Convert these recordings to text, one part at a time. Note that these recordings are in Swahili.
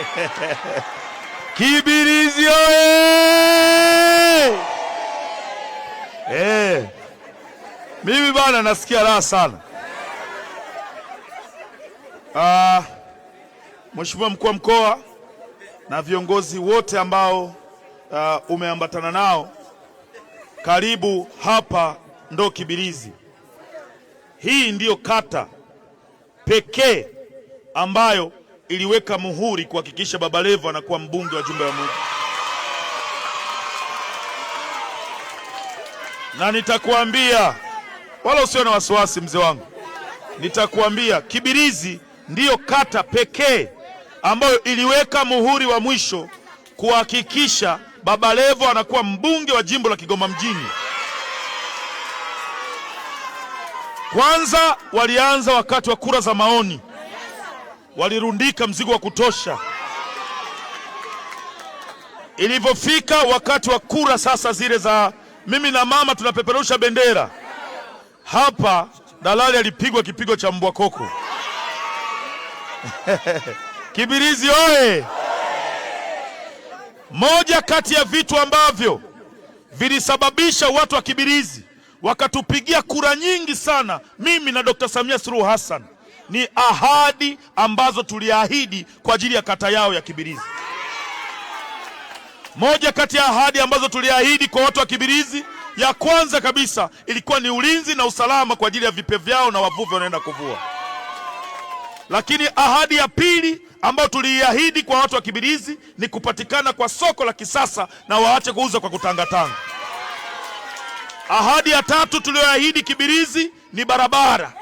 Kibirizi oye! Eh. Mimi bana nasikia raha sana. Ah, Mheshimiwa mkuu wa mkoa na viongozi wote ambao uh, umeambatana nao, karibu hapa ndo Kibirizi. Hii ndiyo kata pekee ambayo iliweka muhuri kuhakikisha Baba Levo anakuwa mbunge wa jumba la Mungu, na nitakuambia wala usiwe na wasiwasi mzee wangu, nitakuambia Kibirizi ndiyo kata pekee ambayo iliweka muhuri wa mwisho kuhakikisha Baba Levo anakuwa mbunge wa jimbo la Kigoma mjini. Kwanza walianza wakati wa kura za maoni walirundika mzigo wa kutosha. Ilivyofika wakati wa kura sasa zile za mimi na mama tunapeperusha bendera hapa, dalali alipigwa kipigo cha mbwa koko. Kibirizi oye! Moja kati ya vitu ambavyo vilisababisha watu wa Kibirizi wakatupigia kura nyingi sana, mimi na Dr. Samia Suluhu Hassan ni ahadi ambazo tuliahidi kwa ajili ya kata yao ya Kibirizi. Moja kati ya ahadi ambazo tuliahidi kwa watu wa Kibirizi, ya kwanza kabisa ilikuwa ni ulinzi na usalama kwa ajili ya vipe vyao na wavuvi wanaenda kuvua. Lakini ahadi ya pili ambayo tuliahidi kwa watu wa Kibirizi ni kupatikana kwa soko la kisasa na waache kuuza kwa kutangatanga. Ahadi ya tatu tuliyoahidi Kibirizi ni barabara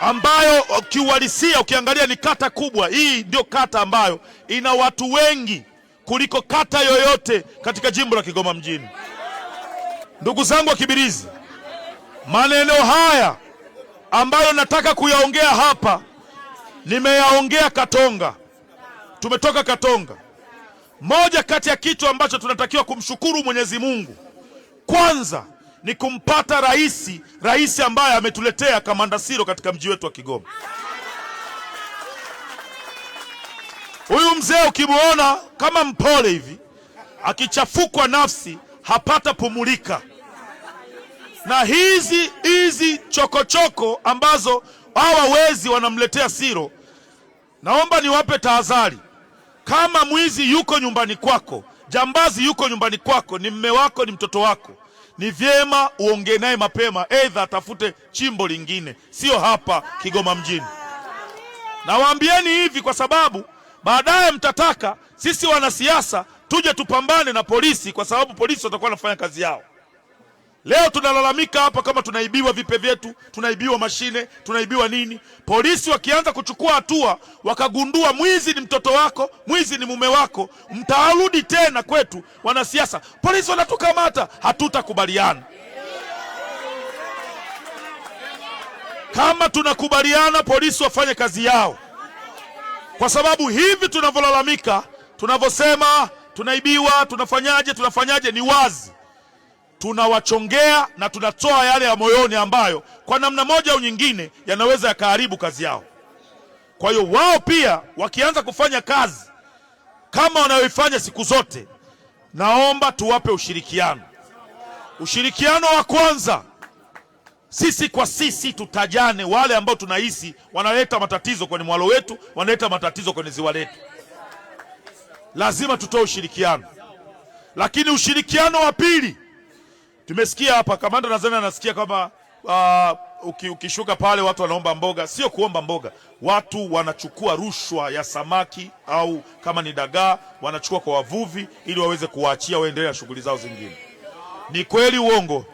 ambayo kiuhalisia ukiangalia ni kata kubwa. Hii ndio kata ambayo ina watu wengi kuliko kata yoyote katika jimbo la Kigoma mjini. Ndugu zangu wa Kibirizi, maneno haya ambayo nataka kuyaongea hapa nimeyaongea Katonga, tumetoka Katonga. Moja kati ya kitu ambacho tunatakiwa kumshukuru Mwenyezi Mungu kwanza ni kumpata rais, rais ambaye ametuletea Kamanda Siro katika mji wetu wa Kigoma. Huyu mzee ukimwona kama mpole hivi, akichafukwa nafsi hapata pumulika. Na hizi hizi chokochoko ambazo hawa wezi wanamletea Siro, naomba niwape tahadhari. Kama mwizi yuko nyumbani kwako, jambazi yuko nyumbani kwako, ni mme wako, ni mtoto wako ni vyema uongee naye mapema, aidha atafute chimbo lingine, sio hapa Kigoma mjini. Nawaambieni hivi kwa sababu baadaye mtataka sisi wanasiasa tuje tupambane na polisi, kwa sababu polisi watakuwa wanafanya kazi yao. Leo tunalalamika hapa kama tunaibiwa vipe vyetu, tunaibiwa mashine, tunaibiwa nini. Polisi wakianza kuchukua hatua, wakagundua mwizi ni mtoto wako, mwizi ni mume wako, mtarudi tena kwetu. Wanasiasa, polisi wanatukamata, hatutakubaliana. Kama tunakubaliana, polisi wafanye kazi yao, kwa sababu hivi tunavyolalamika, tunavyosema tunaibiwa, tunafanyaje, tunafanyaje, ni wazi tunawachongea na tunatoa yale ya moyoni ambayo kwa namna moja au nyingine yanaweza yakaharibu kazi yao. Kwa hiyo wao pia wakianza kufanya kazi kama wanayoifanya siku zote, naomba tuwape ushirikiano. Ushirikiano wa kwanza, sisi kwa sisi tutajane wale ambao tunahisi wanaleta matatizo kwenye mwalo wetu, wanaleta matatizo kwenye ziwa letu. Lazima tutoe ushirikiano, lakini ushirikiano wa pili Tumesikia hapa kamanda, nadhani anasikia kwamba uh, ukishuka pale watu wanaomba mboga. Sio kuomba mboga, watu wanachukua rushwa ya samaki au kama ni dagaa wanachukua kwa wavuvi ili waweze kuwaachia waendelee na shughuli zao zingine. Ni kweli uongo?